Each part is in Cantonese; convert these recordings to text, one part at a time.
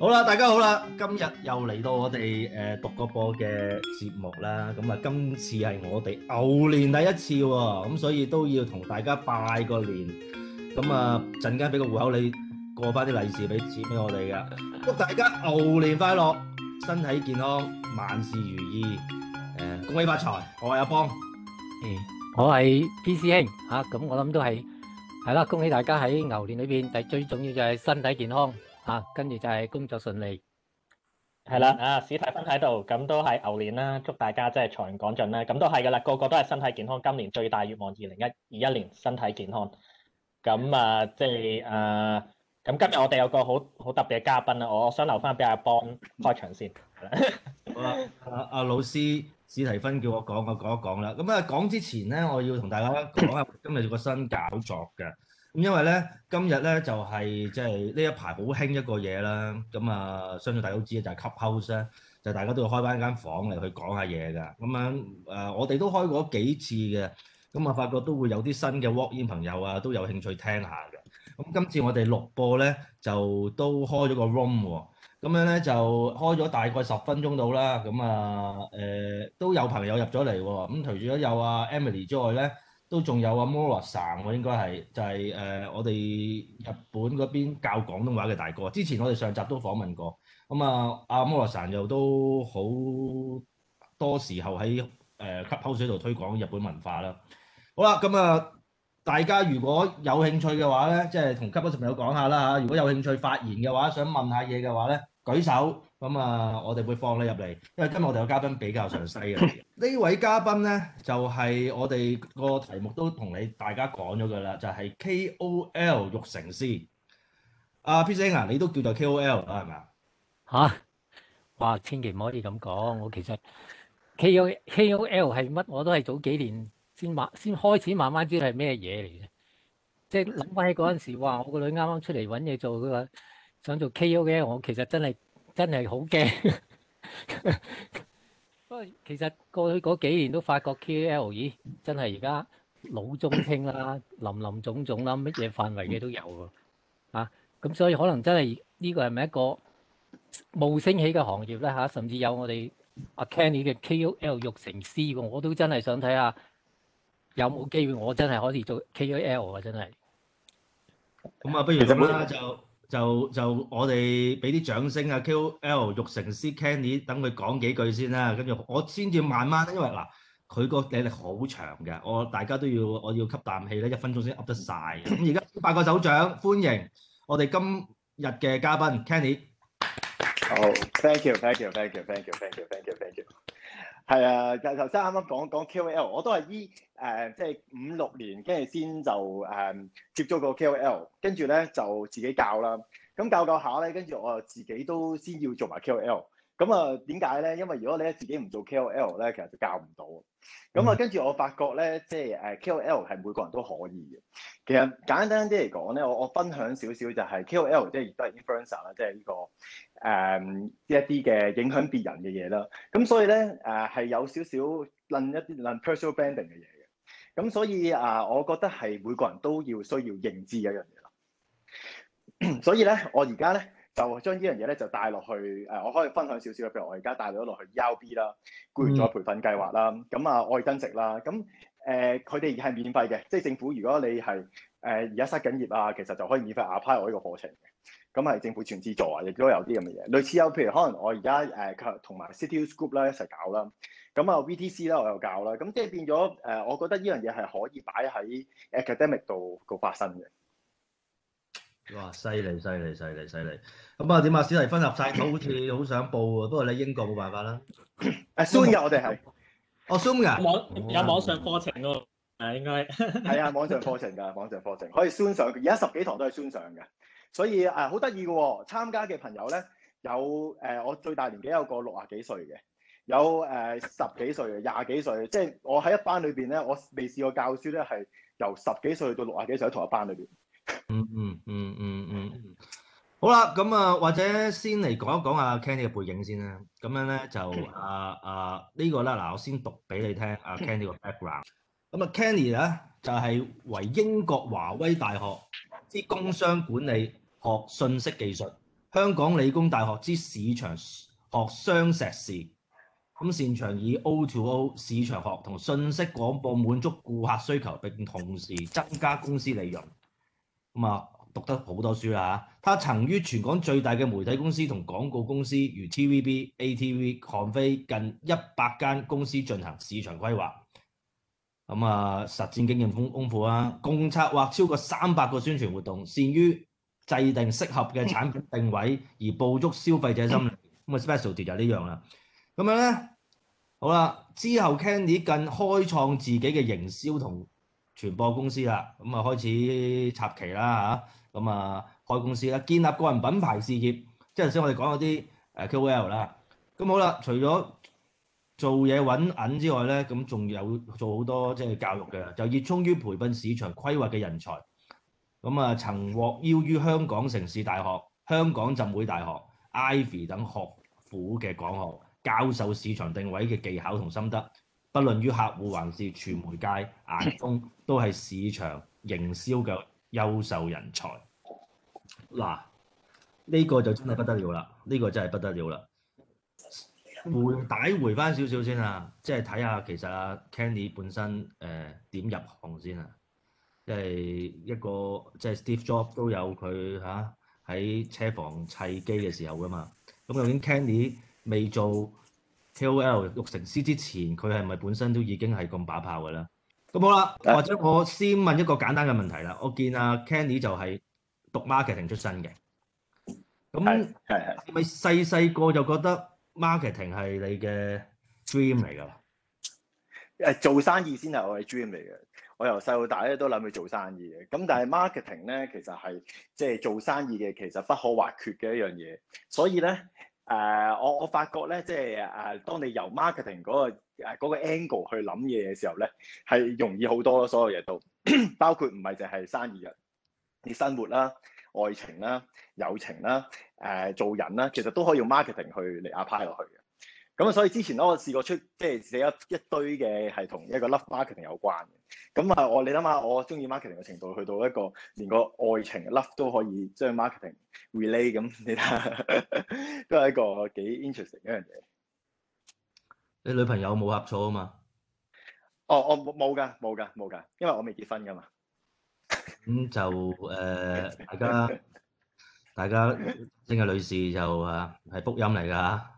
好啦，大家好啦，今日又嚟到我哋誒獨角播嘅節目啦，咁啊今次係我哋牛年第一次喎，咁所以都要同大家拜個年，咁啊陣間俾個戶口你過翻啲利是俾錢俾我哋噶，祝大家牛年快樂，身體健康，萬事如意，誒恭喜發財，我係阿邦，我係 P C 兄吓，咁我諗都係係啦，恭喜大家喺牛年裏邊，但係最重要就係身體健康。啊，跟住就係工作順利，係啦，啊史提芬喺度，咁都係牛年啦，祝大家即係財源廣進啦，咁都係噶啦，個個都係身體健康，今年最大願望二零一二一年身體健康，咁啊即係啊，咁今日我哋有個好好特別嘅嘉賓啊，我我想留翻俾阿邦開場先，好啦，阿阿老師史提芬叫我講，我講一講啦，咁啊講之前咧，我要同大家講下今日有個新搞作嘅。咁因為咧，今日咧就係即係呢一排好興一個嘢啦。咁啊，相信大家都知咧，就係 Clubhouse 咧，就大家都要開翻間房嚟去講下嘢噶。咁樣誒，我哋都開過幾次嘅。咁啊，發覺都會有啲新嘅 Walk In 朋友啊，都有興趣聽下嘅。咁今次我哋錄播咧，就都開咗個 Room 喎、啊。咁樣咧就開咗大概十分鐘到啦。咁啊誒、呃，都有朋友入咗嚟喎。咁除咗有啊 Emily 之外咧。都仲有阿 Morosan 喎，應該係就係、是、誒、呃、我哋日本嗰邊教廣東話嘅大哥。之前我哋上集都訪問過，咁啊阿 Morosan、啊、又都好多時候喺誒 Clubhouse 度推廣日本文化啦。好啦，咁、嗯、啊大家如果有興趣嘅話咧，即係同 Clubhouse 朋友講下啦嚇。如果有興趣發言嘅話，想問下嘢嘅話咧。舉手咁啊！我哋會放你入嚟，因為今日我哋個嘉賓比較詳細啊。呢 位嘉賓咧，就係、是、我哋個題目都同你大家講咗嘅啦，就係、是、KOL 育成師。阿、uh, Peter 啊，你都叫做 KOL 啊？係咪啊？嚇！哇！千祈唔可以咁講，我其實 KOL k 係乜？K k o、我都係早幾年先慢先開始慢慢知道係咩嘢嚟嘅。即係諗翻起嗰陣時，哇！我個女啱啱出嚟揾嘢做嗰陣。想做 KOL，我其實真係真係好驚，不過其實過去嗰幾年都發覺 KOL 咦真係而家老中青啦，林林總總啦，乜嘢範圍嘅都有喎，啊咁所以可能真係呢個係咪一個冒升起嘅行業咧嚇？甚至有我哋阿 Kenny 嘅 KOL 育成師喎，我都真係想睇下有冇機會，我真係可以做 KOL 呀真係。咁啊，不如咁啦就。就就我哋俾啲掌聲啊，KOL 育成師 Kenny 等佢講幾句先啦，跟住我先至慢慢，因為嗱佢個體力好長嘅，我大家都要我要吸啖氣咧，一分鐘先噏得晒。咁而家八個手掌歡迎我哋今日嘅嘉賓 Kenny。好，thank you，thank you，thank you，thank you，thank you，thank you，thank you。係啊，頭頭先啱啱講講 KOL，我都係依誒，即係五六年，跟住先就誒、uh, 接觸個 KOL，跟住咧就自己教啦。咁教教下咧，跟住我自己都先要做埋 KOL 咁啊，點解咧？因為如果你自己唔做 KOL 咧，其實就教唔到。咁啊、嗯，跟住我發覺咧，即係誒 KOL 係每個人都可以嘅。其實簡單啲嚟講咧，我我分享少少就係 KOL，即係亦都係 influencer 啦，即係呢個誒一啲嘅影響別人嘅嘢啦。咁所以咧誒係有少少論一啲論 personal branding 嘅嘢嘅。咁所以啊，我覺得係每個人都要需要認知一樣嘢咯。 所以咧，我而家咧。就將呢樣嘢咧，就帶落去誒，我可以分享少少譬如我而家帶咗落去 ERB、啦、mm，僱員再培訓計劃啦，咁啊愛增值啦，咁誒佢哋而係免費嘅，即係政府如果你係誒而家失緊業啊，其實就可以免費 apply 我呢個課程嘅，咁係政府全資助啊，亦都有啲咁嘅嘢，類似有譬如可能我而家誒同埋 CityU Group 啦一齊搞啦，咁啊 VTC 啦我又搞啦，咁即係變咗誒、呃，我覺得呢樣嘢係可以擺喺 academic 度個發生嘅。哇！犀利，犀利，犀利，犀利。咁啊，點啊？小蒂芬入晒佢好似好想報啊？不過你英國冇辦法啦。啊，Zoom 啊，我哋係。哦，Zoom 啊。啊網有網上課程㗎、啊，係、哦、應該。係啊，網上課程㗎，網上課程可以線上。而家十幾堂都係線上嘅，所以啊，好得意嘅喎。參加嘅朋友咧，有誒、呃，我最大年紀有個六啊幾歲嘅，有誒、呃、十幾歲、廿幾，幾歲，即係我喺一班裏邊咧，我未試過教書咧，係由十幾歲到六啊幾歲喺同一班裏邊。嗯嗯嗯嗯嗯，好啦，咁啊，或者先嚟講一講阿 Kenny 嘅背景先啦。咁樣咧就啊啊呢、呢個啦嗱、啊，我先讀俾你聽阿 Kenny 個 background。咁啊，Kenny 咧就係、是、為英國華威大學之工商管理學、信息技術，香港理工大學之市場學商碩士。咁擅長以 O to O 市場學同信息廣播滿足顧客需求，並同時增加公司利潤。咁啊，讀得好多書啦嚇！他曾於全港最大嘅媒體公司同廣告公司，如 TVB、ATV、漢飛近一百間公司進行市場規劃。咁、嗯、啊，實戰經驗豐豐富啦，共策劃超過三百個宣傳活動，善於制定適合嘅產品定位而捕捉消費者心理。咁啊，specialty 就係呢樣啦。咁樣咧，好啦，之後 Kenny 更開創自己嘅營銷同傳播公司啦，咁啊，開始插旗啦嚇，咁啊開公司啦，建立個人品牌事業，即係頭先我哋講嗰啲誒 KOL 啦，咁好啦，除咗做嘢揾銀之外咧，咁仲有做好多即係教育嘅，就熱衷於培訓市場規劃嘅人才，咁啊曾獲邀於香港城市大學、香港浸會大學、Ivy 等學府嘅講學，教授市場定位嘅技巧同心得。不論於客戶還是傳媒界眼中，都係市場營銷嘅優秀人才。嗱、啊，呢、這個就真係不得了啦！呢、這個真係不得了啦！回帶回翻少少先啊，即係睇下其實 Kenny、啊、本身誒點、呃、入行先啊，即、就、係、是、一個即係、就是、Steve Jobs 都有佢啊喺車房砌機嘅時候㗎嘛。咁究竟 Kenny 未做 KOL 育成師之前，佢係咪本身都已經係咁把炮嘅啦？咁好啦，或者我先問一個簡單嘅問題啦。我見阿 Kenny 就係讀 marketing 出身嘅，咁係咪細細個就覺得 marketing 係你嘅 dream 嚟㗎啦？誒，做生意先係我嘅 dream 嚟嘅。我由細到大咧都諗去做生意嘅。咁但係 marketing 咧，其實係即係做生意嘅，其實不可或缺嘅一樣嘢。所以咧。誒、uh, 我我發覺咧，即係誒、uh, 當你由 marketing、那個誒、uh, 個 angle 去諗嘢嘅時候咧，係容易好多咯，所有嘢都 包括唔係淨係生意嘅，你生活啦、啊、愛情啦、啊、友情啦、啊、誒、呃、做人啦、啊，其實都可以用 marketing 去嚟 apply 落去嘅。咁所以之前咧，我試過出即係寫一一堆嘅係同一個 love marketing 有關嘅。咁啊，我你諗下，我中意 marketing 嘅程度去到一個連個愛情 love 都可以將 marketing relate 咁，你睇下，都係一個幾 interesting 一樣嘢。你女朋友冇合錯啊嘛？哦，我冇冇㗎，冇㗎，冇㗎，因為我未結婚㗎嘛。咁就誒、呃， 大家大家聽嘅女士就啊係福音嚟㗎。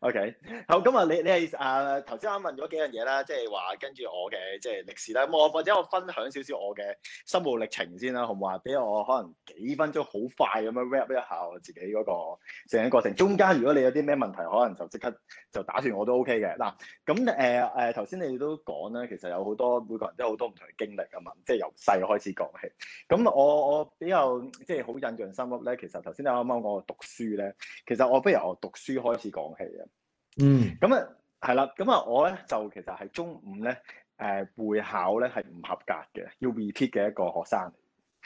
o、okay. k 好，咁啊，你你係啊，頭先啱問咗幾樣嘢啦，即係話跟住我嘅即係歷史啦，咁我或者我分享少少我嘅生活歷程先啦，好唔好啊？俾我可能幾分鐘好快咁樣 r a p 一下我自己嗰個成個過程，中間如果你有啲咩問題，可能就即刻就打斷我都 O K 嘅。嗱，咁誒誒，頭、呃、先你都講啦，其實有好多每個人都有好多唔同嘅經歷啊嘛，即係由細開始講起。咁我我比較即係好印象深刻咧，其實頭先你啱啱講我讀書咧，其實我不如我讀書開始。放棄啊，嗯，咁啊係啦，咁啊、嗯、我咧就其實係中五咧，誒、呃、會考咧係唔合格嘅，要 repeat 嘅一個學生，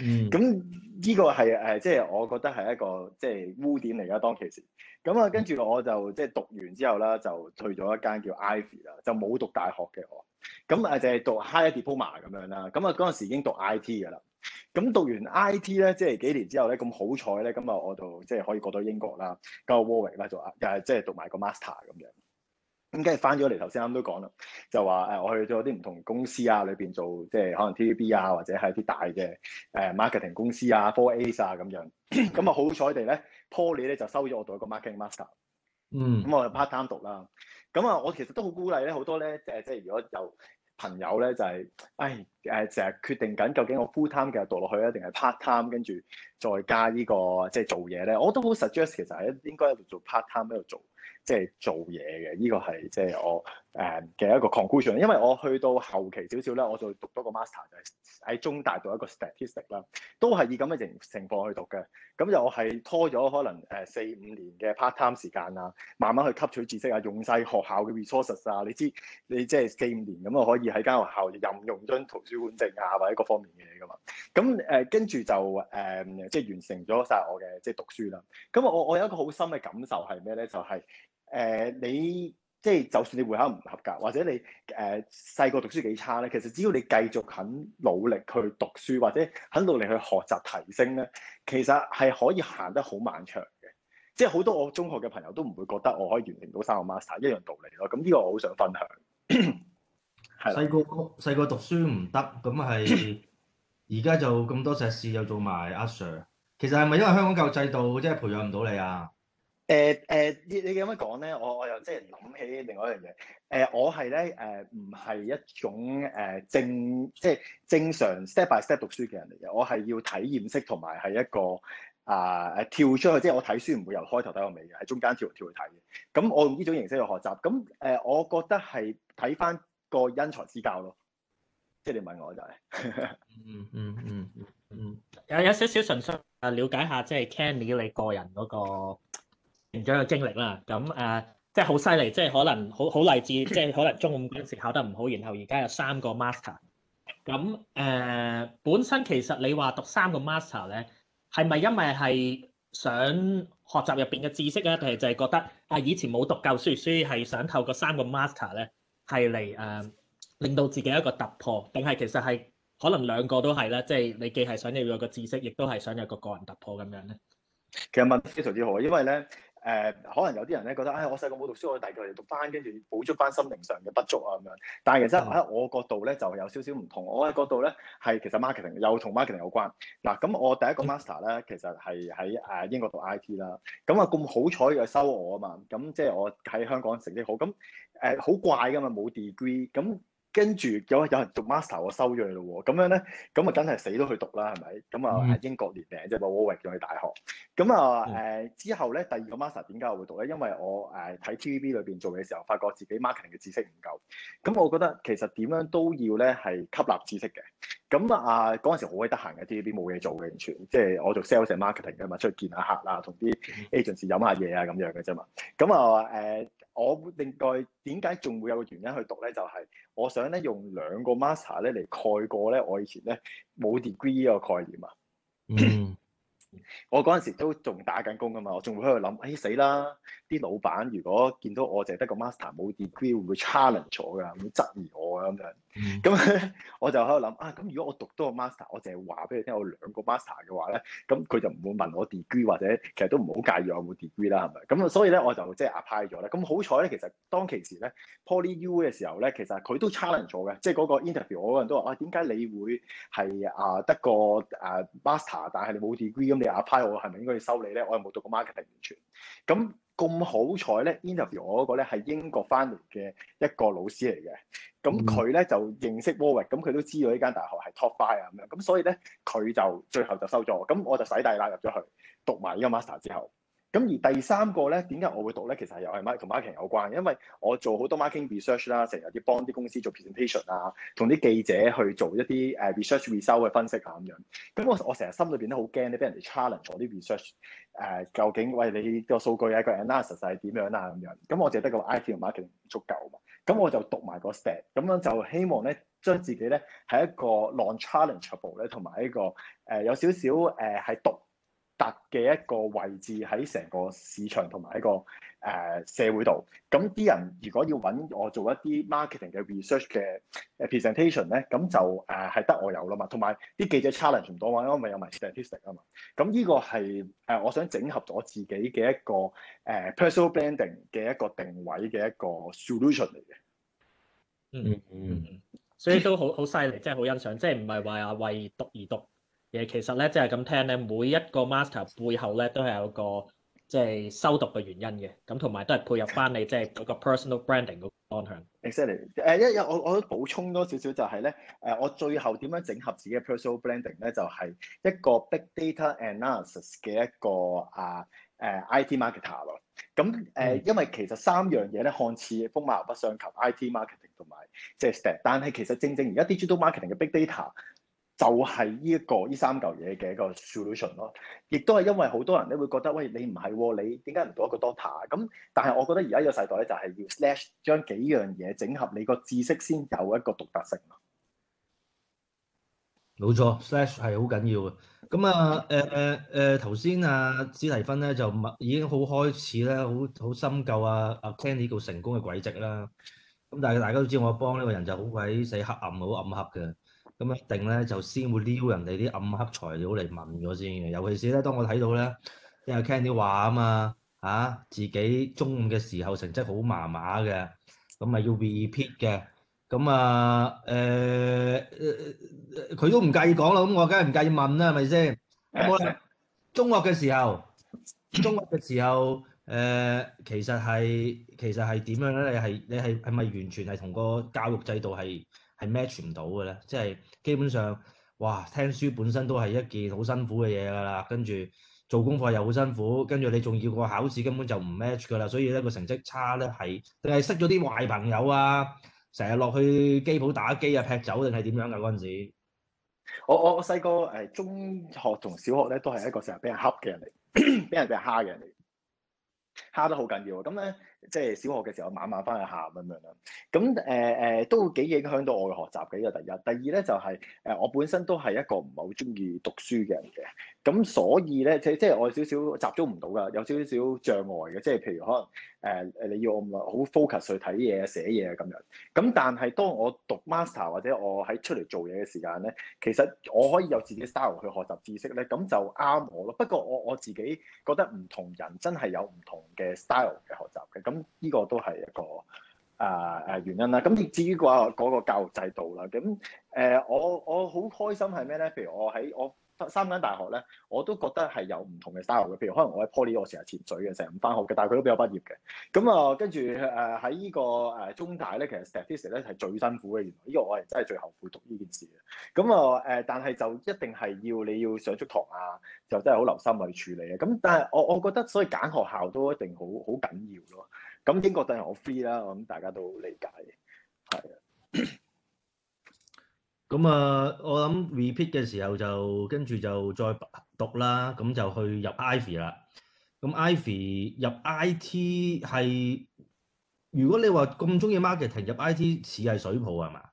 嗯，咁呢個係誒即係我覺得係一個即係污點嚟噶當其時，咁啊跟住我就即係、就是、讀完之後啦，就去咗一間叫 Ivy 啦，就冇讀大學嘅我，咁啊就係讀 High Diploma 咁樣啦，咁啊嗰陣時已經讀 IT 噶啦。咁讀完 I.T. 咧，即係幾年之後咧，咁好彩咧，咁啊，我就即係可以過到英國啦，跟阿 Warwick 啦做啊，即係讀埋個 master 咁樣。咁跟住翻咗嚟，頭先啱都講啦，就話誒、呃，我去咗啲唔同公司啊，裏邊做即係可能 T.V.B. 啊，或者係啲大嘅誒、呃、marketing 公司啊，Four As 啊咁樣。咁啊，好彩地咧，Poly 咧就收咗我讀一個 marketing master。嗯。咁我 part time 讀啦。咁啊，我其實都好鼓勵咧，好多咧，誒，即係如果有。朋友咧就係、是，唉，誒、呃，成日決定緊究竟我 full time 繼續讀落去啊，定係 part time，跟住再加、這個就是、呢個即係做嘢咧，我都好 suggest，其實係應該喺度做 part time 喺度做，即、就、係、是、做嘢嘅，呢、這個係即係我，誒嘅一個 conclusion，因為我去到後期少少咧，我就讀多個 master，就係喺中大讀一個 statistic 啦，都係以咁嘅情情況去讀嘅，咁又係拖咗可能誒四五年嘅 part time 時間啊，慢慢去吸取知識啊，用晒學校嘅 resources 啊，你知你即係四五年咁啊，可以喺間學校任用張圖書館證啊，或者各方面嘅嘢㗎嘛，咁誒跟住就誒即係完成咗晒我嘅即係讀書啦，咁我我有一個好深嘅感受係咩咧？就係、是、誒、呃、你。即係，就算你會考唔合格，或者你誒細個讀書幾差咧，其實只要你繼續肯努力去讀書，或者肯努力去學習提升咧，其實係可以行得好漫長嘅。即係好多我中學嘅朋友都唔會覺得我可以完成到三個 Master 一樣道理咯。咁呢個我好想分享。細個細個讀書唔得，咁係而家就咁多碩士又做埋阿 Sir。其實係咪因為香港教育制度即係、就是、培養唔到你啊？誒誒，uh, uh, 你你咁樣講咧，我我又即係諗起另外一樣嘢。誒、uh, 我係咧誒，唔係一種誒、uh, 正即係正常 step by step 讀書嘅人嚟嘅。我係要體驗式同埋係一個啊誒、uh, 跳出去，即係我睇書唔會由開頭睇到尾嘅，喺中間跳跳去睇嘅。咁我用呢種形式去學習。咁誒，uh, 我覺得係睇返個因材施教咯。即係你問我就係。嗯嗯嗯嗯有有些少純粹啊，了解下即係 Kenny 你個人嗰個。成長嘅經歷啦，咁誒、呃，即係好犀利，即係可能好好勵志，即係可能中五嗰陣時考得唔好，然後而家有三個 master，嗯。咁、呃、誒，本身其實你話讀三個 master 咧，係咪因為係想學習入邊嘅知識啊？定係就係覺得啊，以前冇讀夠書，所以係想透過三個 master 咧，係嚟，誒，令到自己一個突破？定係其實係可能兩個都係咧，即係你既係想要有個知識，亦都係想有個，個個人突破咁樣咧。其實問得非常之好，因為咧。誒、呃、可能有啲人咧覺得，唉、哎，我細個冇讀書，我大個嚟讀翻，跟住補足翻心靈上嘅不足啊咁樣。但係其實喺我角度咧，就有少少唔同。我嘅角度咧係其實 marketing，又同 marketing 有關。嗱、啊，咁我第一個 master 咧，其實係喺誒英國讀 IT 啦、啊。咁啊咁好彩佢收我啊嘛。咁即係我喺香港成績好。咁誒好怪噶嘛，冇 degree。咁跟住有有人讀 master，我收咗佢咯喎。咁樣咧，咁啊，梗係死都去讀啦，係咪？咁啊，英國連名即係我我讀咗去大學。咁啊誒，之後咧第二個 master 點解我會讀咧？因為我誒睇 T V B 裏邊做嘅時候，發覺自己 marketing 嘅知識唔夠。咁我覺得其實點樣都要咧係吸納知識嘅。咁啊，嗰陣時好鬼得閒嘅 T V B 冇嘢做嘅完全，即係我做 sales marketing 㗎嘛，出去見下客啊，同啲 agents 飲下嘢啊咁樣嘅啫嘛。咁啊誒，我另外點解仲會有個原因去讀咧，就係，我想咧用兩個 master 咧，嚟蓋過咧我以前咧冇 degree 依個概念啊。Mm. 我嗰陣時都仲打緊工㗎嘛，我仲會喺度諗，唉死啦！啲老闆如果見到我淨係得個 master 冇 degree，會唔會 challenge 我㗎？會質疑我㗎咁樣。咁、嗯、 我就喺度諗啊，咁如果我讀多個 master，我淨係話俾佢聽我兩個 master 嘅話咧，咁佢就唔會問我 degree 或者其實都唔好介意我冇 degree 啦，係咪？咁所以咧我就即係、就是、apply 咗咧。咁好彩咧，其實當其時咧 Poly U 嘅時候咧，其實佢都 challenge 咗嘅，即係嗰個 interview，我嗰陣都話啊，點解你會係啊得個誒 master，但係你冇 degree，咁你 apply 我係咪應該要收你咧？我又冇讀個 marketing 係、er、完全咁。咁好彩咧，interview 我嗰個咧係英國翻嚟嘅一個老師嚟嘅。咁佢咧就認識 Warwick，咁佢都知道呢間大學係 top five 啊咁樣，咁所以咧佢就最後就收咗我，咁我就洗底喇，入咗去讀埋呢個 master 之後。咁而第三個咧，點解我會讀咧？其實又係同 marketing 有關，因為我做好多 marketing research 啦，成日要幫啲公司做 presentation 啊，同啲記者去做一啲誒 research、research 嘅分析啊咁樣。咁我我成日心裏邊都好驚咧，俾人哋 challenge 咗啲 research 誒、呃，究竟喂、呃、你個數據一個 analysis 係點樣啦咁樣。咁我淨係得個 IT 同 marketing 唔足夠嘛。咁我就讀埋個 stat 咁樣就希望咧，將自己咧係一個 non-challengeable 咧，同埋一個誒、呃、有少少誒係讀。呃嘅一個位置喺成個市場同埋一個誒、呃、社會度，咁啲人如果要揾我做一啲 marketing 嘅 research 嘅 presentation 咧，咁就誒係、呃、得我有啦嘛。同埋啲記者 challenge 唔到嘛，因為我咪有埋 statistics 啊嘛。咁呢個係誒、呃，我想整合咗自己嘅一個誒、呃、personal branding 嘅一個定位嘅一個 solution 嚟嘅、嗯。嗯嗯嗯，所以都好好犀利，即係好欣賞，即係唔係話為讀而讀。嘢其實咧，即係咁聽咧，每一個 master 背後咧都係有個即係修讀嘅原因嘅，咁同埋都係配合翻你即係嗰個 personal branding 嗰方向。Exactly，誒，因為我我都補充多少少就係咧，誒，我最後點樣整合自己嘅 personal branding 咧，就係一個 big data analysis 嘅一個啊誒 IT marketer 咯。咁誒，因為其實三樣嘢咧看似風馬牛不相及，IT marketing 同埋即係 test，但係其實正正而家 digitalmarketing 嘅 big data，就係呢一個呢三嚿嘢嘅一個 solution 咯，亦都係因為好多人咧會覺得，喂，你唔係喎，你點解唔做一個 doctor 啊？咁但係我覺得而家個世代咧就係要 slash 將幾樣嘢整合，你個知識先有一個獨特性。冇錯，slash 係好緊要嘅。咁啊，誒誒誒，頭先啊，史提芬咧就已經好開始咧，好好深究啊，阿 Kenny 個成功嘅軌跡啦。咁但係大家都知，我幫呢個人就好鬼死黑暗，好暗黑嘅。咁一定咧就先會撩人哋啲暗黑材料嚟問咗先嘅，尤其是咧，當我睇到咧，因為聽啲話嘛啊嘛嚇，自己中五嘅時候成績好麻麻嘅，咁咪要 repeat 嘅，咁啊誒，佢、呃呃呃、都唔介意講咯，咁我梗係唔介意問啦，係咪先？好啦，中學嘅時候，中學嘅時候，誒、呃，其實係其實係點樣咧？你係你係係咪完全係同個教育制度係？係 match 唔到嘅咧，即係基本上，哇，聽書本身都係一件好辛苦嘅嘢噶啦，跟住做功課又好辛苦，跟住你仲要個考試根本就唔 match 噶啦，所以咧個成績差咧係定係識咗啲壞朋友啊，成日落去機鋪打機啊，劈酒定係點樣噶嗰陣時？我我我細個誒中學同小學咧都係一個成日俾人恰嘅 人嚟，俾人俾人蝦嘅人嚟，蝦得好緊要啊！咁咧。即係小學嘅時候，晚晚翻去喊咁樣啦。咁誒誒都幾影響到我嘅學習嘅。呢個第一，第二咧就係、是、誒、呃、我本身都係一個唔係好中意讀書嘅人嘅。咁所以咧、就是，即係即係我少少集中唔到㗎，有少少少障礙嘅。即係譬如可能。誒誒，你要好 focus 去睇嘢、寫嘢咁樣。咁但係當我讀 master 或者我喺出嚟做嘢嘅時間咧，其實我可以有自己 style 去學習知識咧，咁就啱我咯。不過我我自己覺得唔同人真係有唔同嘅 style 嘅學習嘅，咁呢個都係一個啊啊、呃、原因啦。咁至於話嗰個教育制度啦，咁誒、呃、我我好開心係咩咧？譬如我喺我三間大學咧，我都覺得係有唔同嘅 style 嘅。譬如可能我喺 Poly，我成日潛水嘅，成日唔翻學嘅，但係佢都俾我畢業嘅。咁、嗯、啊，跟住誒喺呢個誒中大咧，其實 statistics 咧係最辛苦嘅。原來呢個我係真係最後悔讀呢件事嘅。咁啊誒，但係就一定係要你要上足堂啊，就真係好留心去處理嘅。咁、嗯、但係我我覺得所以揀學校都一定好好緊要咯。咁英國當然我 free 啦，我諗大家都理解嘅，係啊。咁啊，我諗 repeat 嘅時候就跟住就再讀啦，咁就去入 ivy 啦。咁 ivy 入 IT 係，如果你話咁鍾意 marketing 入 IT 似係水泡係嘛？誒、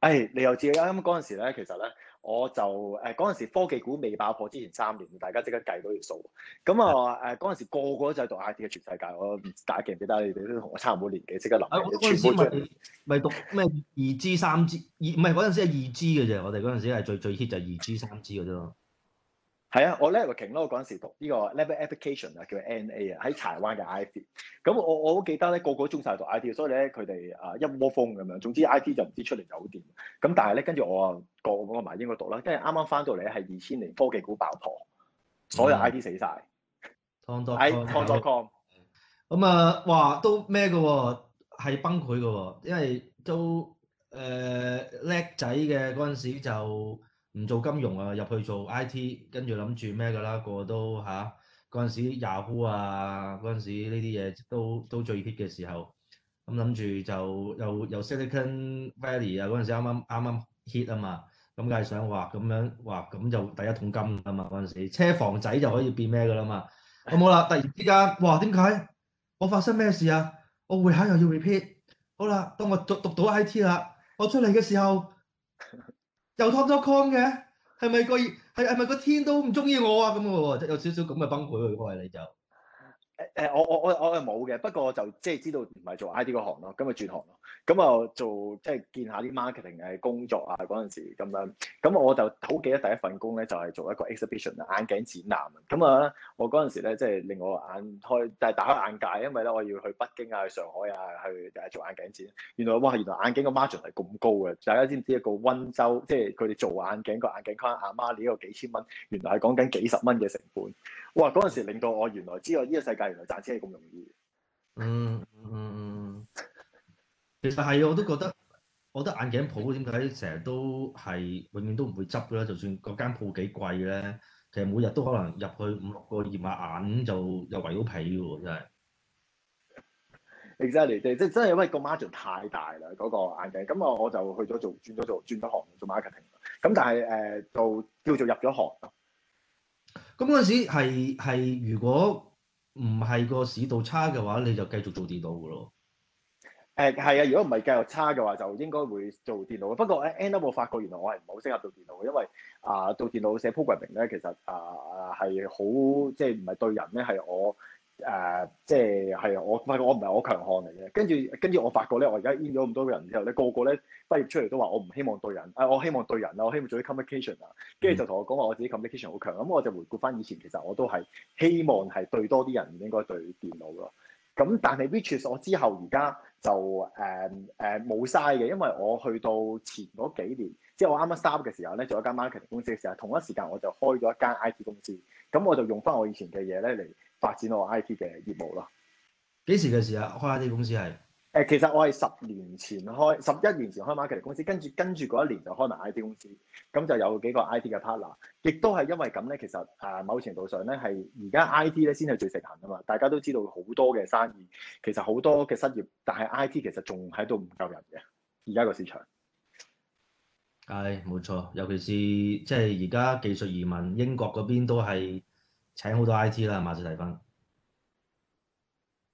哎，你又知啊？咁嗰陣時咧，其實咧。我就誒嗰陣時科技股未爆破之前三年，大家即刻計到條數。咁啊誒嗰陣時個個都就係讀 IT 嘅全世界，我唔知大家記唔記得你哋都同我差唔多年紀，即刻諗。誒嗰陣時咪咪 讀咩二 G 三 G，二唔係嗰陣時係二 G 嘅啫，我哋嗰陣時係最最 hit 就係二 G 三 G 嘅啫。係啊，我 l e v i n g 咯，我嗰陣時讀呢個 level application 啊，叫 NA 啊，喺柴灣嘅 IT。咁我我好記得咧，個個，個都中晒讀 IT，所以咧佢哋啊一窩蜂咁樣。總之 IT 就唔知出嚟點。咁但係咧，跟住我啊個嗰個埋應該讀啦。跟住啱啱翻到嚟係二千年科技股爆破，所有 IT 死晒。com.com 咁啊，哇，都咩嘅喎？係崩潰嘅喎，因為都誒叻仔嘅嗰陣時就。唔做金融啊，入去做 IT，跟住諗住咩噶啦？個個都吓，嗰陣時 Yahoo 啊，嗰陣時呢啲嘢都都最 hit 嘅時候，咁諗住就又又 Silicon Valley 啊，嗰陣時啱啱啱啱 hit 啊嘛，咁梗係想話咁樣話，咁就第一桶金啊嘛，嗰陣時車房仔就可以變咩噶啦嘛， 好冇啦？突然之間，哇點解我發生咩事啊？我會考又要 repeat，好啦，當我讀讀到 IT 啦，我出嚟嘅時候。 又 top 咗 con 嘅，係咪個係咪個天都唔鍾意我啊，咁嘅喎，即係有少少咁嘅崩潰，佢話你就。誒我我我我係冇嘅，不過我就即係知道唔係做 IT 嗰行咯，咁咪轉行咯，咁啊做即係、就是、見下啲 marketing 嘅工作啊，嗰陣時咁樣，咁我就好記得第一份工咧就係做一個 exhibition 眼鏡展覽，咁啊我嗰陣時咧即係令我眼開，但係打開眼界，因為咧我要去北京啊，去上海啊，去做眼鏡展，原來哇原來眼鏡個 margin 係咁高嘅，大家知唔知一個溫州即係佢哋做眼鏡個眼鏡框阿媽呢個幾千蚊，原來係講緊幾十蚊嘅成本。哇！嗰陣時令到我原來知道呢個世界原來賺錢係咁容易。嗯嗯嗯，其實係我都覺得，我覺得眼鏡鋪點解成日都係永遠都唔會執嘅咧？就算個間鋪幾貴咧，其實每日都可能入去五六個驗下眼就又圍到皮嘅喎，真係。Exactly，即即真係因為個 margin 太大啦，嗰、嗰個眼鏡。咁啊，我就去咗做轉咗做轉咗行做 marketing。咁但係誒，做、呃、叫做入咗行。咁嗰陣時係如果唔係個市道差嘅話，你就繼續做電腦嘅咯。誒係啊，如果唔係繼續差嘅話，就應該會做電腦。不過誒，end up 我發覺，原來我係唔係好適合做電腦嘅，因為啊，做、呃、電腦寫 programming 咧，其實啊係好，即係唔係對人咧，係我。誒、呃，即係係我發覺我唔係我強項嚟嘅。跟住跟住，我發覺咧，我而家 Interview 咗咁多個人之後咧，個個咧畢業出嚟都話我唔希望對人，誒、呃，我希望對人咯，我希望做啲 communication 啊。跟住就同我講話，我自己 communication 好強。咁我就回顧翻以前，其實我都係希望係對多啲人，唔應該對電腦咯。咁但係 which is 我之後而家就誒誒冇晒嘅，因為我去到前嗰幾年，即係我啱啱 start 嘅時候咧，做一間 marketing 公司嘅時候，同一時間我就開咗一間 IT 公司。咁我就用翻我以前嘅嘢咧嚟。發展我 I T 嘅業務咯。幾時嘅時候、啊、開 I T 公司係誒，其實我係十年前開，十一年前開 marketing 公司，跟住跟住嗰一年就開埋 I T 公司。咁就有幾個 I T 嘅 partner，亦都係因為咁咧。其實誒，某程度上咧，係而家 I T 咧先係最盛行啊嘛。大家都知道好多嘅生意，其實好多嘅失業，但係 I T 其實仲喺度唔夠人嘅。而家個市場係冇、哎、錯，尤其是即係而家技術移民，英國嗰邊都係。請好多 I.T. 啦，馬上睇翻。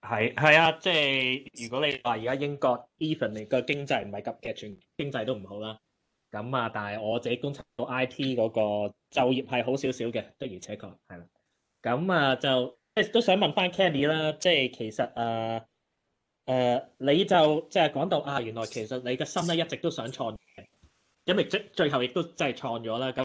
係係啊，即係如果你話而家英國 even 你個經濟唔係急劇轉，全經濟都唔好啦。咁啊，但係我自己觀察到 I.T. 嗰個就業係好少少嘅，的而且確係啦。咁啊，就即係都想問翻 Kenny 啦，即係其實誒誒、呃呃，你就即係講到啊，原來其實你嘅心咧一直都想創，因為最最後亦都真係創咗啦。咁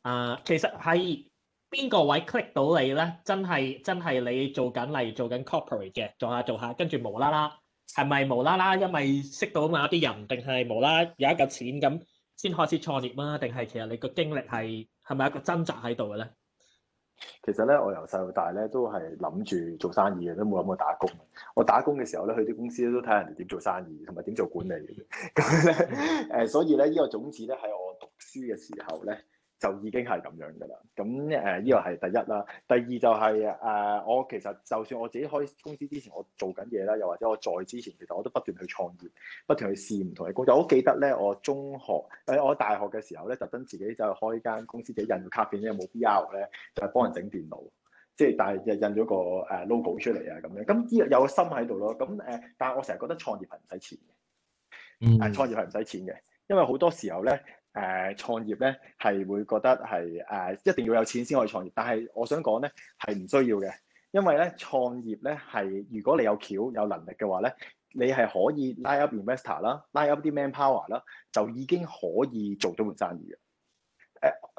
啊、呃，其實喺。邊個位 click 到你咧？You，真係真係你做緊嚟做緊 corporate 嘅，做下做下，跟住無啦啦，係咪無啦啦因為識到某啲人，定係無啦有一嚿錢咁先開始創業啊？定係其實你個經歷係係咪一個掙扎喺度嘅咧？其實咧，我由細到大咧都係諗住做生意嘅，都冇諗過打工。我打工嘅時候咧，去啲公司都睇人哋點做生意同埋點做管理。咁咧誒， 所以咧呢個種子咧喺我讀書嘅時候咧。就已經係咁樣嘅啦。咁誒，依個係第一啦。第二就係、是、誒、呃，我其實就算我自己開公司之前，我做緊嘢啦，又或者我在之前，其實我都不斷去創業，不斷去試唔同嘅工作。我記得咧，我中學誒、呃，我大學嘅時候咧，特登自己就開間公司，自己印卡片，因為冇 B R 咧，就係、是、幫人整電腦，即係但係印咗個誒 logo 出嚟啊咁樣。咁依個有個心喺度咯。咁誒、呃，但係我成日覺得創業係唔使錢嘅，嗯、啊，創業係唔使錢嘅，因為好多時候咧。誒、呃、創業咧係會覺得係誒、呃、一定要有錢先可以創業，但係我想講咧係唔需要嘅，因為咧創業咧係如果你有橋有能力嘅話咧，你係可以拉 Up investor 啦，拉 Up 啲 man power 啦，就已經可以做到門生意嘅。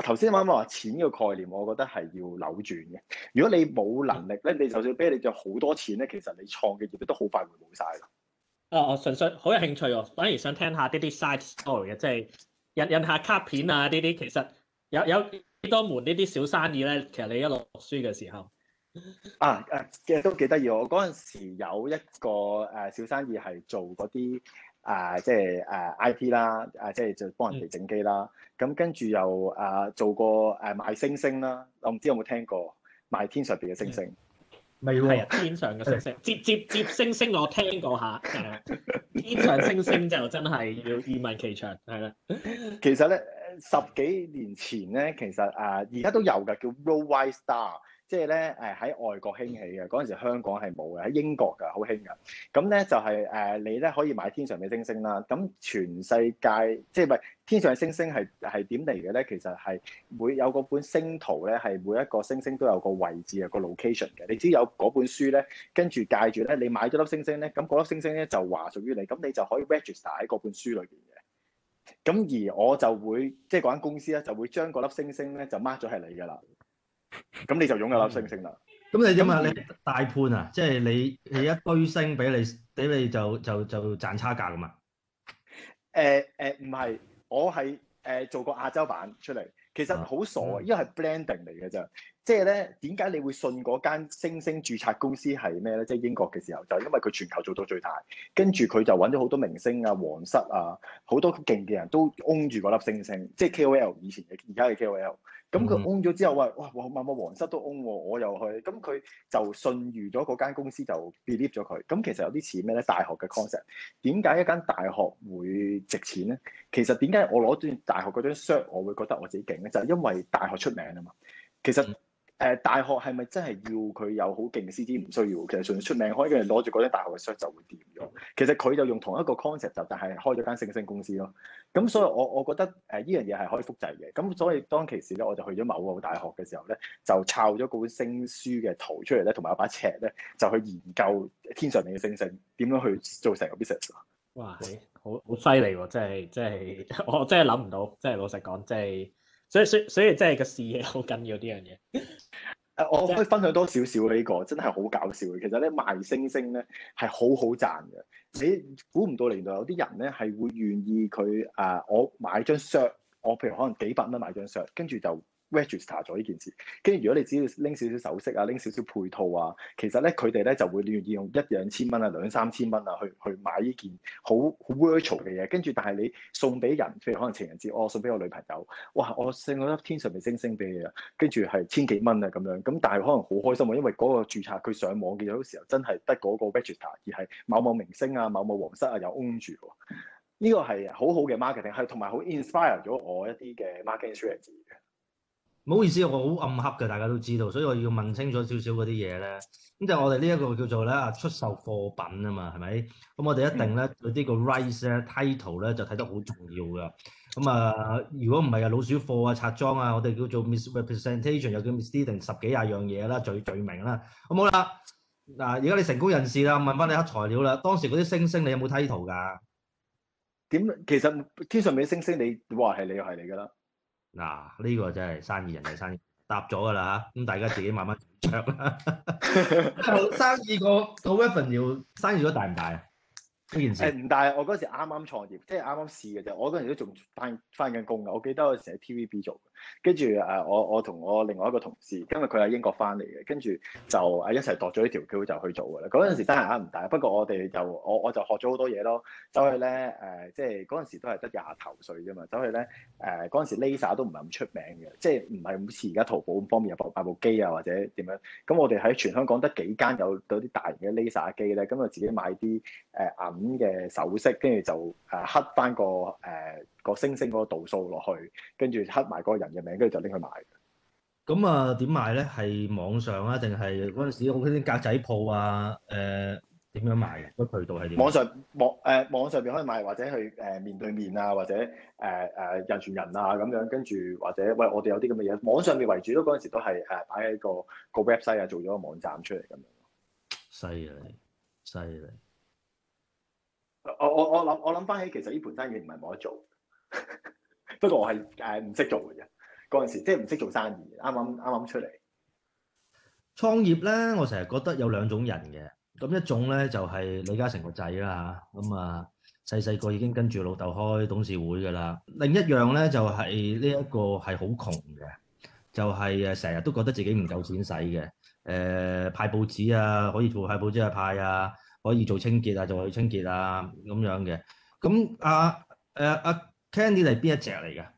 誒頭先啱啱話錢嘅概念，我覺得係要扭轉嘅。如果你冇能力咧，你就算俾你咗好多錢咧，其實你創嘅業都好快會冇晒咯。啊，我純粹好有興趣喎、哦，反而想聽下啲啲 side story 嘅，即係。印印下卡片啊，呢啲其實有有幾多門呢啲小生意咧？其實你一路讀書嘅時候，啊誒，其實都幾得意。我嗰陣時有一個誒小生意係做嗰啲誒，即係誒、啊、IT 啦，誒即係就幫人哋整機啦。咁、嗯、跟住又誒、啊、做過誒賣星星啦。我唔知有冇聽過賣天上邊嘅星星？係啊，天上嘅星星，的接接接星星，我聽過下。 天上星星就真係要意問其詳，係啦。其實咧，十幾年前咧，其實誒而家都有噶，叫 Roadwide Star。.即係咧，誒喺外國興起嘅嗰陣時，香港係冇嘅，喺英國㗎，好興㗎。咁咧就係誒，你咧可以買天上嘅星星啦。咁全世界即係唔係天上嘅星星係係點嚟嘅咧？其實係每有嗰本星圖咧，係每一個星星都有個位置啊，有個 location 嘅。你只要有嗰本書咧，跟住介住咧，你買咗粒星星咧，咁嗰粒星星咧就話屬於你，咁你就可以 register 喺嗰本書裏邊嘅。咁而我就會即係嗰間公司咧，就會將嗰粒星星咧就 mark 咗係你㗎啦。咁你就擁有啦，星星升啦？咁、嗯、你點啊？嗯、你大判啊？即係你你一堆星俾你俾你就就就賺差價咁嘛。誒誒、呃，唔、呃、係，我係誒、呃、做個亞洲版出嚟，其實好傻啊！因為係 blending 嚟嘅啫。即係咧，點解你會信嗰間星星註冊公司係咩咧？即、就、係、是、英國嘅時候，就是、因為佢全球做到最大，跟住佢就揾咗好多明星啊、皇室啊，好多勁嘅人都 own 住嗰粒星星，即係 KOL。以前嘅而家嘅 KOL，咁佢 own 咗之後，哇哇哇乜乜皇室都 own 喎，我又去。咁、嗯、佢就信譽咗嗰間公司，就 believe 咗佢。咁、嗯、其實有啲似咩咧？大學嘅 concept。點解一間大學會值錢咧？其實點解我攞住大學嗰張 cert，我會覺得我自己勁咧，就係、是、因為大學出名啊嘛。其實、嗯。誒大學係咪真係要佢有好勁嘅師資？唔需要，其實純粹出名開，跟住攞住嗰張大學嘅 s 就會掂咗。其實佢就用同一個 concept，就但係開咗間星星公司咯。咁所以我我覺得誒依樣嘢係可以複製嘅。咁所以當其時咧，我就去咗某個大學嘅時候咧，就抄咗本星書嘅圖出嚟咧，同埋把尺咧，就去研究天上嘅星星點樣去做成個 business。哇，好好犀利喎！真係真係，我真係諗唔到，真係老實講，真係所以所所以真係個視野好緊要呢樣嘢。 誒我可以分享多少少呢個，真係好搞笑嘅。其實咧賣星星咧係好好賺嘅，你估唔到年代有啲人咧係會願意佢誒、呃、我買張 shirt，我譬如可能幾百蚊買張 shirt，跟住就。register 咗呢件事，跟住如果你只要拎少少首飾啊，拎少少配套啊，其實咧佢哋咧就會利用一兩千蚊啊，兩三千蚊啊去去買呢件好好 virtual 嘅嘢。跟住但係你送俾人，譬如可能情人節，哦、我送俾我女朋友，哇！我送咗，粒天上嘅星星俾你啊，跟住係千幾蚊啊咁樣。咁但係可能好開心喎，因為嗰個註冊佢上網嘅好多時候真係得嗰個 register，而係某某明星啊、某某皇室啊又 own 住喎。呢、這個係好好嘅 marketing，係同埋好 inspire 咗我一啲嘅 marketing strategy。唔好意思，我好暗黑嘅，大家都知道，所以我要問清楚少少嗰啲嘢咧。咁就我哋呢一個叫做咧出售貨品啊嘛，係咪？咁我哋一定咧、嗯，佢啲個 rice 咧、Title 咧就睇得好重要嘅。咁啊，如果唔係啊，老鼠貨啊、拆裝啊，我哋叫做 misrepresentation 又叫 misleading 十幾廿樣嘢啦，最最明啦。咁好冇啦。嗱，而家你成功人士啦，問翻你黑材料啦。當時嗰啲星星你有冇 Title 㗎？點？其實天上面星星你話係你係你㗎啦。嗱，呢、啊呢個真係生意人嘅生意，搭咗㗎啦，咁大家自己慢慢着啦。咁 後生意個個 even 要生意做大唔大啊？呢件事唔大，我嗰時啱啱創業，即係啱啱試嘅啫。我嗰陣時都仲翻翻緊工嘅，我記得我成日喺 TVB 做。我跟住誒，我我同我另外一個同事，因為佢喺英國翻嚟嘅，跟住就誒一齊度咗呢條橋就去做㗎啦。嗰陣時真係壓力唔大，不過我哋就我我就學咗好多嘢咯。走去咧誒、呃，即係嗰陣時都係得廿頭歲啫嘛。走去咧誒，嗰、呃、陣時 Laser 都唔係咁出名嘅，即係唔係好似而家淘寶咁方便有部買部機啊或者點樣？咁我哋喺全香港得幾間有有啲大型嘅 Laser 機咧，咁就自己買啲誒銀嘅首飾，跟住就誒刻翻個誒。呃個星星嗰個度數落去，跟住黑埋嗰個人嘅名，跟住就拎去賣。咁啊，點賣咧？係網上啊，定係嗰陣時好興啲格仔鋪啊？誒、呃、點樣賣嘅？個渠道係點？網上網誒網上邊可以買，或者去誒、呃、面對面啊，或者誒誒、呃、人傳人啊咁樣，跟住或者喂我哋有啲咁嘅嘢，網上邊為主咯。嗰陣時都係誒擺喺個個 website 啊，做咗個網站出嚟咁樣。犀利，犀利。我我我諗我諗翻起，其實呢盤生意唔係冇得做。 不過我係誒唔識做嘅，嗰陣時即係唔識做生意，啱啱啱啱出嚟創業咧。我成日覺得有兩種人嘅，咁一種咧就係李嘉誠個仔啦吓，咁啊細細個已經跟住老豆開董事會噶啦。另一樣咧就係呢一個係好窮嘅，就係誒成日都覺得自己唔夠錢使嘅。誒、呃、派報紙啊，可以做派報紙啊派啊，可以做清潔啊，做去清潔啊咁樣嘅。咁啊。誒阿。嗯啊啊啊 Kenny，你係邊一隻嚟噶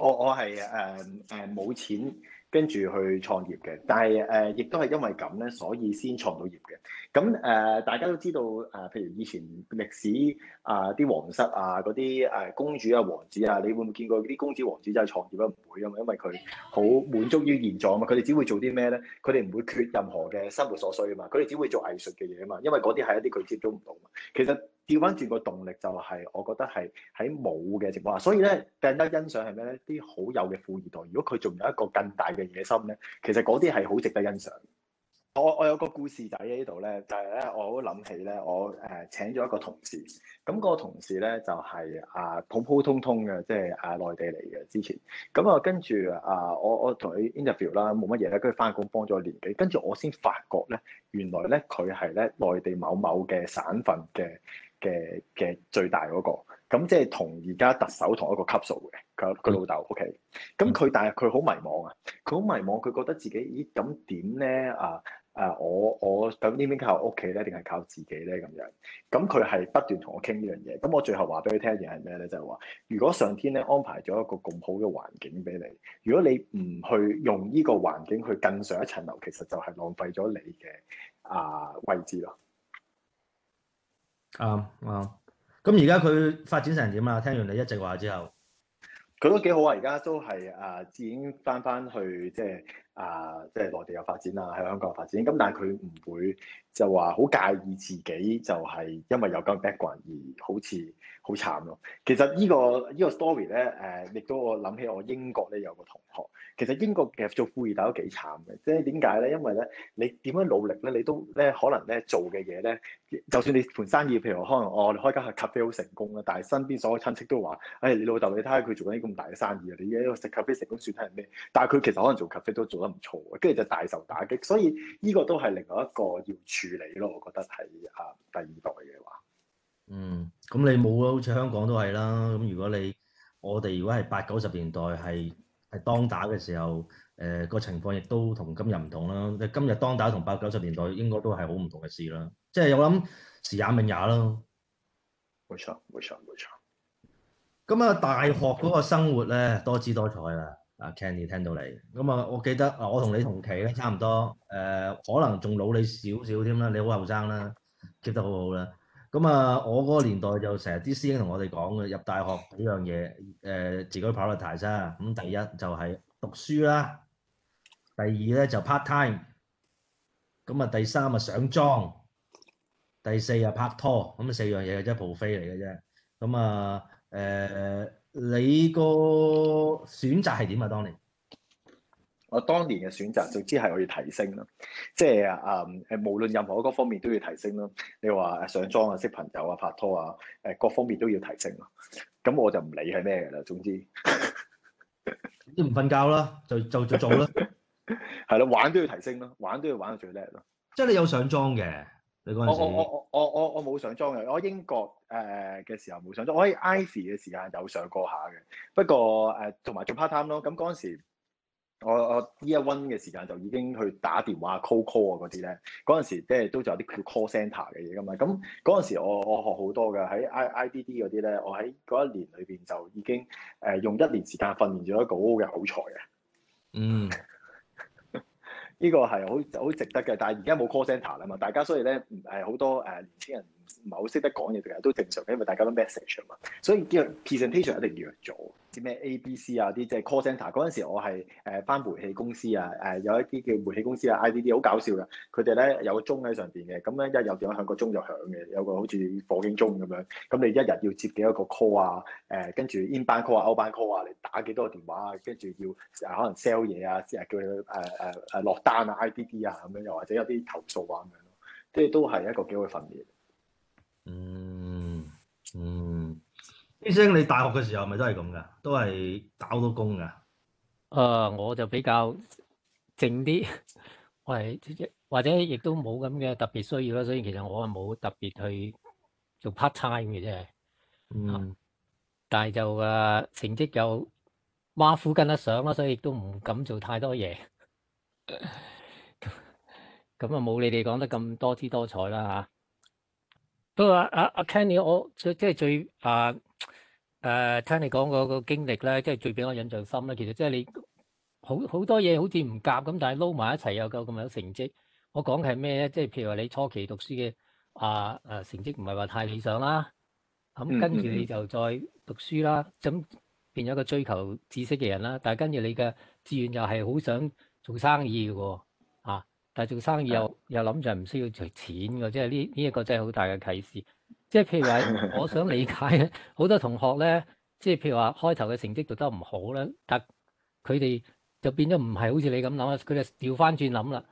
我我係誒誒冇錢跟住去創業嘅，但係誒、呃、亦都係因為咁咧，所以先創到業嘅。咁誒、呃、大家都知道誒、呃，譬如以前歷史啊啲皇室啊嗰啲誒公主啊王子啊，你會唔會見過啲公主王子就係創業啊？唔會啊嘛，因為佢好滿足於現狀啊嘛。佢哋只會做啲咩咧？佢哋唔會缺任何嘅生活所需啊嘛，佢哋只會做藝術嘅嘢啊嘛，因為嗰啲係一啲佢接觸唔到嘛。其實。調翻轉個動力就係，我覺得係喺冇嘅情況下，所以咧，值得欣賞係咩咧？啲好有嘅富二代，如果佢仲有一個更大嘅野心咧，其實嗰啲係好值得欣賞。我我有個故事仔喺呢度咧，就係咧，我好諗起咧，我誒請咗一個同事，咁、個同事咧就係、係、啊普普通通嘅，即係啊內地嚟嘅之前，咁啊跟住啊我我同佢 interview 啦，冇乜嘢咧，跟住翻工幫咗年幾，跟住我先發覺咧，原來咧佢係咧內地某某嘅省份嘅。嘅嘅最大嗰個，咁即係同而家特首同一個級數嘅佢佢老豆，OK，咁佢但係佢好迷茫啊，佢好迷茫，佢覺得自己，咦咁點咧啊啊我我咁呢邊靠屋企咧，定係靠自己咧咁樣？咁佢係不斷同我傾呢樣嘢。咁我最後話俾佢聽嘅係咩咧？就係話，如果上天咧安排咗一個咁好嘅環境俾你，如果你唔去用呢個環境去更上一層樓，其實就係浪費咗你嘅啊位置咯。啱啱，咁而家佢發展成點啊？聽完你一直話之後，佢都幾好啊！而家都係啊，自己翻翻去即係、就是、啊，即係內地有發展啦，喺香港有發展。咁但係佢唔會。就話好介意自己，就係因為有金 background 而好似好慘咯。其實、這個這個、呢個依個 story 咧，誒亦都我諗起我英國咧有個同學。其實英國嘅做富二代都幾慘嘅，即係點解咧？因為咧你點樣努力咧，你都咧可能咧做嘅嘢咧，就算你盤生意，譬如可能哦，你開間咖啡好成功啦，但係身邊所有親戚都話：，誒、哎、你老豆你睇下佢做緊啲咁大嘅生意啊，你家個食咖啡食到算係咩？但係佢其實可能做咖啡都做得唔錯嘅，跟住就大受打擊。所以呢個都係另外一個要。處理咯，我覺得係啊，第二代嘅話，嗯，咁你冇好似香港都係啦。咁如果你我哋如果係八九十年代係係當打嘅時候，誒、呃、個情況亦都同今日唔同啦。你今日當打同八九十年代應該都係好唔同嘅事啦。即係我諗時也命也咯。冇錯，冇錯，冇錯。咁啊，大學嗰個生活咧多姿多彩啊！啊，Kenny 聽到你咁啊！我記得啊，我同你同期嘅差唔多，誒、呃、可能仲老你少少添啦，你好後生啦，keep 得好好啦。咁啊，我嗰個年代就成日啲師兄同我哋講嘅入大學呢樣嘢，誒、呃、自己 prioritize 啫。咁第一就係讀書啦，第二咧就 part time，咁啊第三啊上莊，第四啊拍拖，咁啊四樣嘢嘅啫，buffet 嚟嘅啫。咁啊誒。呃你個選擇係點啊？當年我當年嘅選擇，總之係可以提升咯、就是，即係啊，誒，無論任何嗰方面都要提升咯。你話上莊啊、識朋友啊、拍拖啊，誒，各方面都要提升咯。咁我就唔理係咩噶啦，總之唔瞓 覺啦，就就就做啦，係啦，玩都要提升咯，玩都要玩到最叻咯。即係你有上莊嘅。你我我我我我我我冇上莊嘅，我，我，我，我，我喺英國誒嘅、呃、時候冇上莊，我喺 Ivy 嘅時間有上過下嘅，不過誒同埋做 part time 咯。咁嗰陣時我，我我 year one 嘅時間就已經去打電話 call call 啊嗰啲咧，嗰陣時即係都仲有啲叫 call center 嘅嘢噶嘛。咁嗰陣時我我學好多嘅喺 IDD 嗰啲咧，我喺嗰一年裏邊就已經誒、呃、用一年時間訓練咗一個好嘅口才嘅。嗯。呢個係好好值得嘅，但係而家冇 call center 啦嘛，大家所以咧，係好多誒年輕人。Uh, 唔係好識得講嘢，其實都正常，因為大家都 message 啊嘛。所以啲 presentation 一定要做啲咩 A、B、C 啊，啲即係 call centre 嗰陣時我，我係誒返煤氣公司啊，誒、呃、有一啲叫煤氣公司啊，IDD 好搞笑㗎。佢哋咧有個鐘喺上邊嘅，咁咧一有電話響個鐘就響嘅，有個好似火警鐘咁樣。咁你一日要接幾多個 call 啊？誒跟住 inbound call 啊 outbound call 啊，你打幾多個電話啊？跟住要可能 sell 嘢啊，即誒叫你誒誒誒落單啊，IDD 啊咁樣，又或者有啲投訴啊咁樣，即係都係一個幾好嘅訓練。.嗯嗯，先生，你大學嘅時候咪都係咁噶，都係打好多工噶。誒，我就比較靜啲，我係或者亦都冇咁嘅特別需要啦，所以其實我係冇特別去做 part time 嘅啫。嗯，但係就誒成績又馬虎跟得上啦，所以亦都唔敢做太多嘢。咁啊，冇你哋講得咁多姿多彩啦吓。不過阿阿、啊啊、Kenny，我即即係最啊誒、啊，聽你講嗰個經歷咧，即係最俾我印象深咧。其實即係你好好多嘢好似唔夾咁，但係撈埋一齊又夠咁有成績。我講嘅係咩咧？即、就、係、是、譬如話你初期讀書嘅啊啊，成績唔係話太理想啦。咁、嗯嗯、跟住你就再讀書啦，咁變咗個追求知識嘅人啦。但係跟住你嘅志願又係好想做生意嘅、啊。但係做生意又的又諗著唔需要著錢嘅，即係呢呢一個真係好大嘅啟示。即、就、係、是、譬如話，我想理解好 多同學咧，即、就、係、是、譬如話開頭嘅成績讀得唔好咧，但佢哋就變咗唔係好似你咁諗啦，佢哋調翻轉諗啦，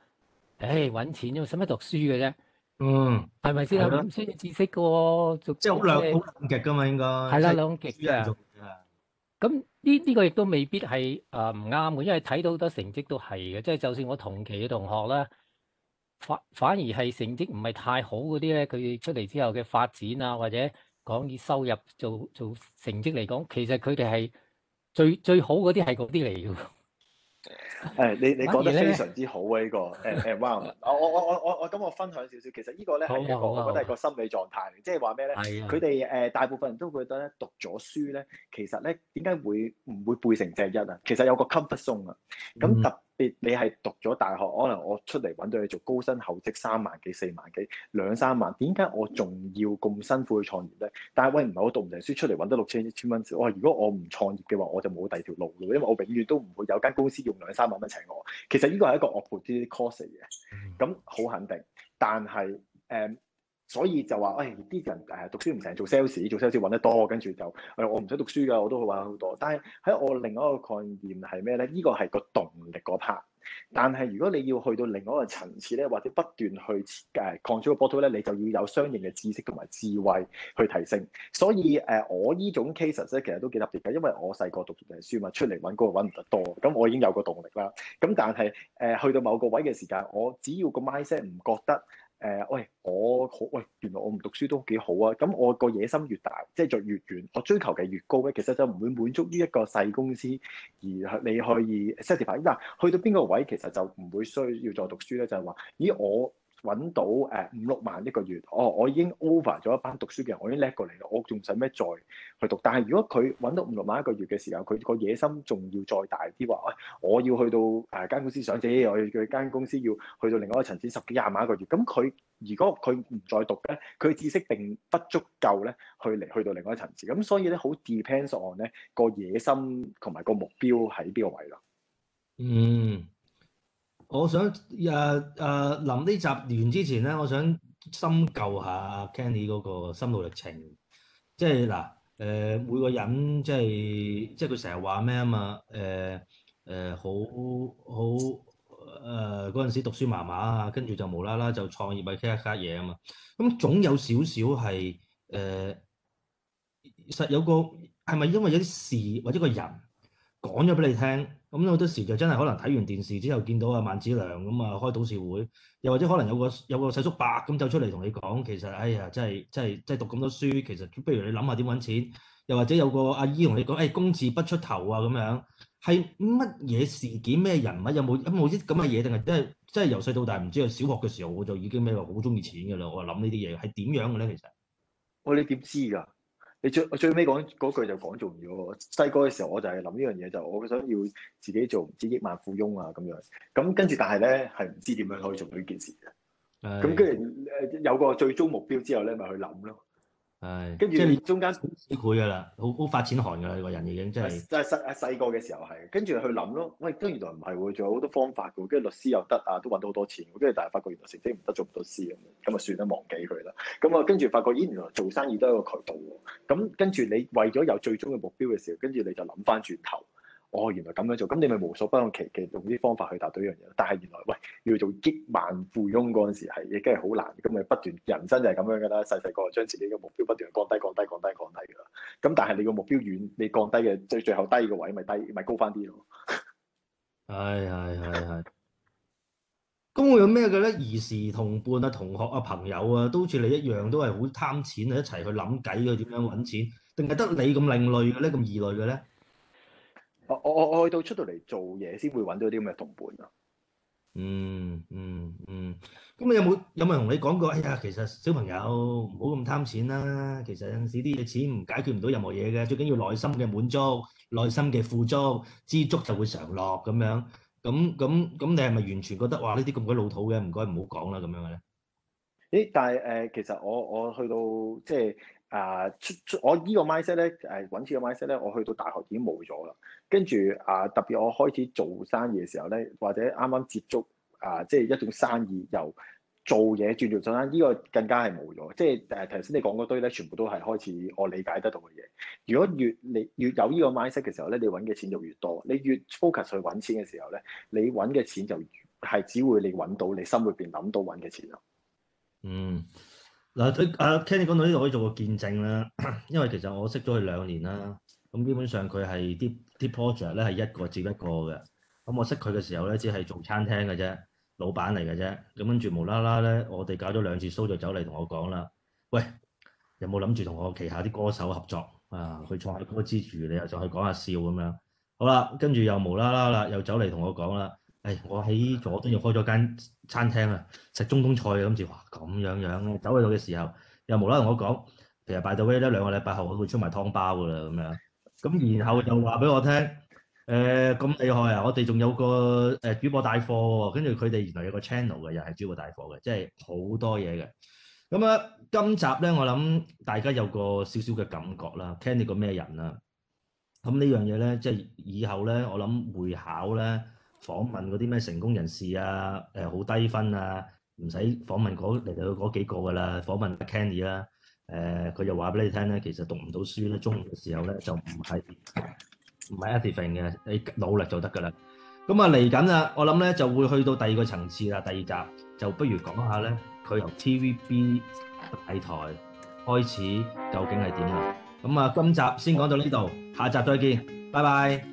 誒、哎、揾錢使乜讀書嘅啫？嗯，係咪先啊？唔嗎需要知識嘅喎、哦，即係好兩好兩極嘅嘛，應該係啦，兩極啊。咁呢呢個亦都未必係誒唔啱嘅，因為睇到好多成績都係嘅，即係就算我同期嘅同學啦，反反而係成績唔係太好嗰啲咧，佢出嚟之後嘅發展啊，或者講以收入做做成績嚟講，其實佢哋係最最好嗰啲係嗰啲嚟嘅。誒、哎，你你講得非常之好啊！呢個誒誒 environment 我我我我我我咁我分享少少，其實呢個好個咧係我覺得係個心理狀態，即係話咩咧？係佢哋誒大部分人都會覺得咧，讀咗書咧，其實咧點解會唔會背成隻一啊？其實有個 comfort zone 啊，咁突。嗯你你係讀咗大學，可能我出嚟揾到你做高薪厚職三萬幾四萬幾兩三萬，點解我仲要咁辛苦去創業咧？但係喂，唔係我讀唔成書出嚟揾得六千一千蚊，我如果我唔創業嘅話，我就冇第二條路咯，因為我永遠都唔會有間公司用兩三萬蚊請我。其實呢個係一個 opportunity cost 嚟嘅，咁好肯定。但係誒。嗯所以就話，誒、哎、啲人誒讀書唔成，做 sales，做 sales 揾得多，跟住就誒、哎、我唔使讀書㗎，我都揾好多。但係喺我另一個概念係咩咧？呢個係個動力嗰 part。但係如果你要去到另外一個層次咧，或者不斷去誒 control 個波咧，你就要有相應嘅知識同埋智慧去提升。所以誒、呃，我呢種 cases 咧，其實都幾特別㗎，因為我細個讀書嘛，出嚟揾工又揾唔得多，咁我已經有個動力啦。咁但係誒、呃、去到某個位嘅時間，我只要個 mindset 唔覺得。誒、呃、喂，我好喂，原來我唔讀書都幾好啊！咁我個野心越大，即係就越遠，我追求嘅越高咧，其實就唔會滿足於一個細公司，而你可以 settle 翻。嗱，去到邊個位其實就唔會需要再讀書咧，就係話咦，我。揾到誒五六萬一個月，哦，我已經 over 咗一班讀書嘅人，我已經叻過嚟啦，我仲使咩再去讀？但係如果佢揾到五六萬一個月嘅時候，佢個野心仲要再大啲，話、哎：，我要去到誒間公司上層，我要佢間公司要去到另外一個層次，十幾廿萬一個月。咁佢如果佢唔再讀咧，佢知識並不足夠咧，去嚟去到另外一個層次。咁所以咧，好 depends on 咧個野心同埋個目標喺邊個位咯。嗯。我想誒誒臨呢集完之前咧，我想深究下 Kenny 嗰個心路歷程。即係嗱，誒、啊、每個人即係即係佢成日話咩啊嘛？誒、啊、誒、啊、好好誒嗰陣時讀書麻麻啊，跟住就無啦啦就創業咪傾一間嘢啊嘛。咁總有少少係誒，實有個係咪因為有啲事或者個人講咗俾你聽？咁好多時就真係可能睇完電視之後，見到啊萬梓良咁啊開董事會，又或者可能有個有個細叔伯咁走出嚟同你講，其實哎呀真係真係真係讀咁多書，其實不如你諗下點揾錢。又或者有個阿姨同你講，誒、哎、工字不出頭啊咁樣，係乜嘢事件咩人物有冇有冇啲咁嘅嘢定係真係真係由細到大唔知道？小學嘅時候我就已經咩話好中意錢㗎啦，我話諗呢啲嘢係點樣嘅咧？其實我你點知㗎？你最最尾講句就講中咗。細個嘅時候我就係諗呢樣嘢，就我想要自己做唔知億萬富翁啊咁樣，樣。咁跟住，但係咧係唔知點樣可以做到呢件事嘅。咁跟住誒有個最終目標之後咧，咪去諗咯。係， 跟即係是中間好攰噶啦，好好發錢寒噶啦，呢、這個人已經真係。就係細啊細個嘅時候係，跟住去諗咯。喂，都原來唔係喎，仲有好多方法嘅喎。跟住律師又得啊，都揾到好多錢。跟住但係發覺原來成績唔得做，做唔到師咁，咁啊算啦，忘記佢啦。咁啊，跟住發覺咦，原來做生意都係一個渠道喎。咁跟住你為咗有最終嘅目標嘅時候，跟住你就諗翻轉頭。哦，原來咁樣做，咁你咪無所不用其極，用啲方法去達到一樣嘢。但係原來，喂，要做億萬富翁嗰陣時係亦都係好難，咁咪不斷人生就係咁樣㗎啦。細細個將自己嘅目標不斷降低、降低、降低、降低㗎啦。咁但係你個目標遠，你降低嘅最最後低嘅位咪低，咪、就是就是、高翻啲咯。係係係係。咁、哎、會、哎哎、有咩嘅咧？兒時同伴啊、同學啊、朋友啊，都好似你一樣，都係好貪錢啊，一齊去諗計去點樣揾錢，定係得你咁另類嘅咧？咁異類嘅咧？我我我去到出到嚟做嘢先會揾到啲咁嘅同伴咯、嗯。嗯嗯嗯。咁你有冇有冇同你講過？哎呀，其實小朋友唔好咁貪錢啦、啊。其實有陣時啲嘅錢唔解決唔到任何嘢嘅。最緊要內心嘅滿足，內心嘅富足，知足就會常樂咁樣。咁咁咁，你係咪完全覺得哇呢啲咁鬼老土嘅？唔該唔好講啦咁樣嘅咧。誒，但係誒，其實我我去到即係。啊，出出我個呢個 mindset 咧，誒、啊，揾錢嘅 mindset 咧，我去到大學已經冇咗啦。跟住啊，特別我開始做生意嘅時候咧，或者啱啱接觸啊，即係一種生意，由做嘢轉做生意，呢、這個更加係冇咗。即係誒，頭、啊、先你講嗰堆咧，全部都係開始我理解得到嘅嘢。如果越你越有呢個 mindset 嘅時候咧，你揾嘅錢就越多。你越 focus 去揾錢嘅時候咧，你揾嘅錢就係只會你揾到你心裏邊諗到揾嘅錢咯。嗯。嗱，佢啊，Kenny 講到呢度可以做個見證啦，因為其實我識咗佢兩年啦，咁基本上佢係啲啲 project 咧，係一個接一個嘅，咁我識佢嘅時候咧，只係做餐廳嘅啫，老闆嚟嘅啫，咁跟住無啦啦咧，我哋搞咗兩次 show 就走嚟同我講啦，喂，有冇諗住同我旗下啲歌手合作啊？去唱下歌之餘，你又就去講下笑咁樣，好啦，跟住又無啦啦啦，又走嚟同我講啦，誒，我喺佐敦又開咗間餐廳啊，食中東菜啊，諗住哇咁樣樣嘅。走喺度嘅時候，又無啦啦我講，其實 by the way 咧，兩個禮拜後佢會出埋湯包噶啦，咁樣。咁然後又話俾我聽，誒、呃、咁厲害啊！我哋仲有個誒主播帶貨，跟住佢哋原來有個 channel 嘅，又係主播帶貨嘅，即係好多嘢嘅。咁啊，今集咧，我諗大家有個少少嘅感覺啦 Kenny 個咩人啦？咁呢樣嘢咧，即係以後咧，我諗會考咧。訪問嗰啲咩成功人士啊，誒、呃、好低分啊，唔使訪問嗰嚟嚟去嗰幾個噶啦，訪問 Kenny 啦、啊，誒、呃、佢就話俾你聽咧，其實讀唔到書咧，中學嘅時候咧就唔係唔係 anything 嘅，你努力就得噶啦。咁啊嚟緊啊，我諗咧就會去到第二個層次啦，第二集就不如講下咧，佢由 TVB 大台開始究竟係點啦。咁啊，今集先講到呢度，下集再見，拜拜。